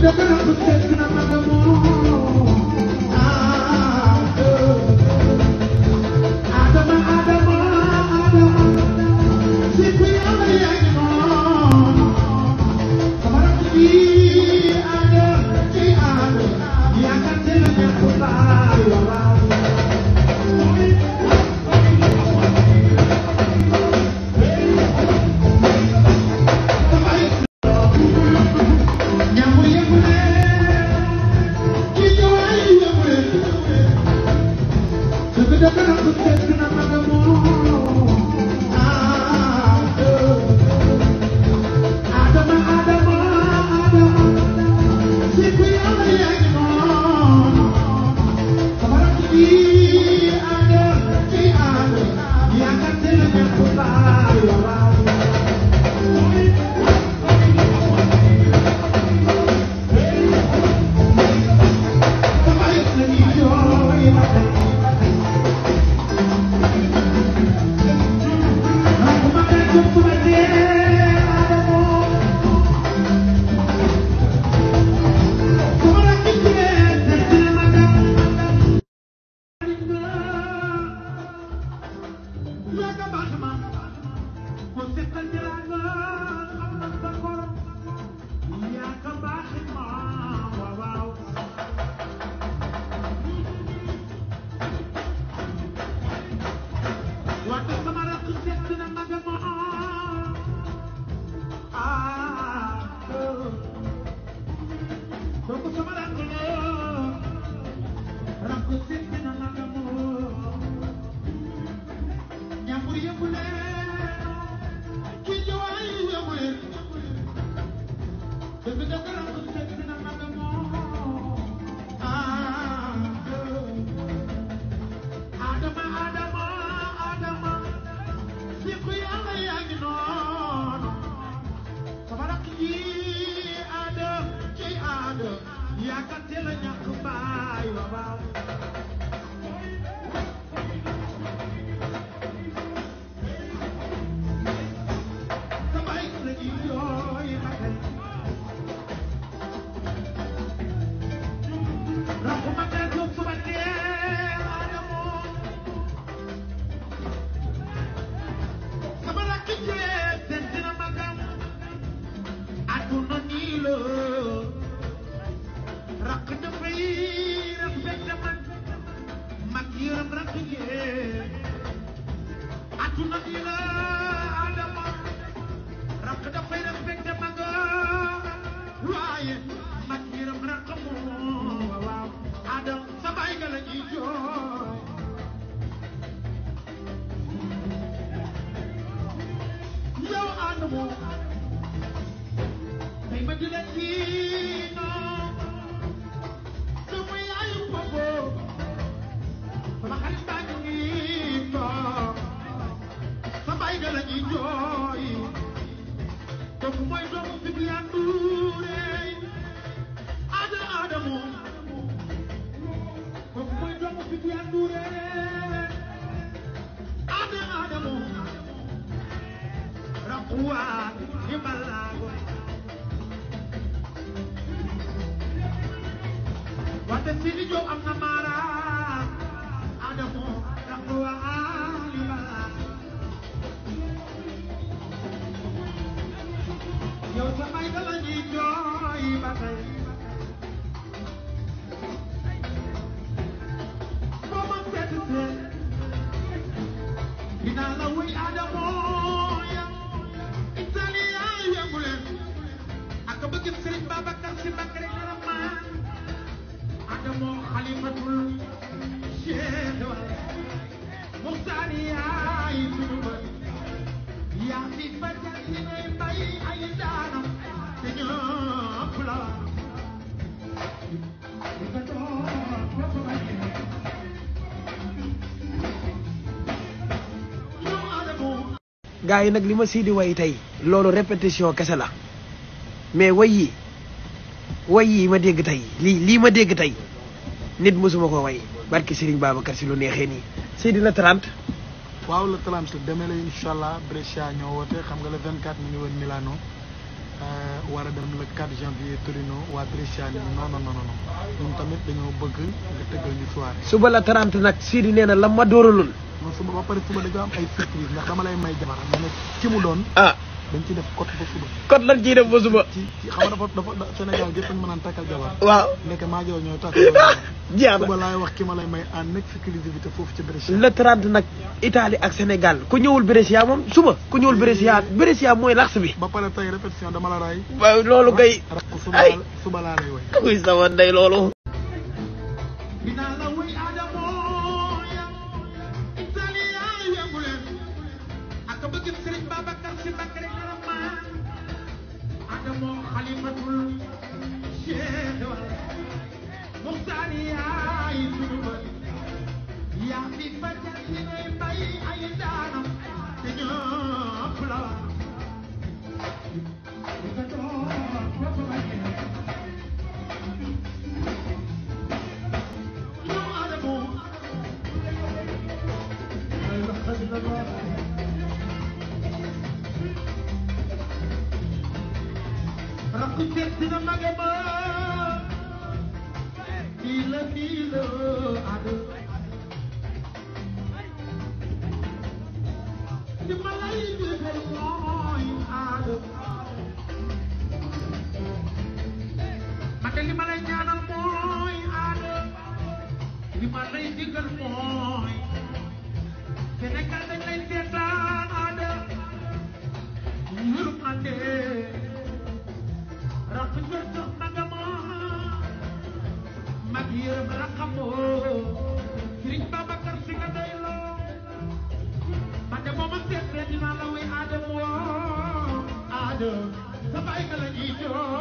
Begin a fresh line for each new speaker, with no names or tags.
Meu Deus, département. Você está de te Sidi Diop am na maaraam Adamo Rakwa Alima yow sa may dala ñuy jooy ba tey gaa yi nag li ma siidi way tey loolu répétition kese la mais way yi way yi ma dégg tey lii lii ma dégg tey nit mosuma ko way barki Serigne Babacar si lu neexee nii Seydi la trent waaw la 30 demee la incha allah Brescia xam nga le 24 mu ngi woon Milano euh, war a dem le 4 janvier Torino waa Brescia ni non non non non ñun tamit dañoo bëgg nga tëggal ñu soirée suba la 30 nag Seydi nee na la ma dóoralul man suba ba pare suba dañoo am ay surprise ndax dama lay may jabar ma mu ah dañ ci def code ba suba code lan ciy def ba suba ci xam nga dafa dafa Sénégal gépp dañ mënaan takkal jabar waaw nekk maa jow ñooy takkal jabar suba laay wax ki ma lay may en exclusivité foofu ci Brescia le 30 nag Italie ak Sénégal ku suba ku lax bi ba répétition dama la suba suba lay way kuy sama day خليفة الشيخ والمختار عايد Sinamaga 掰开了你就。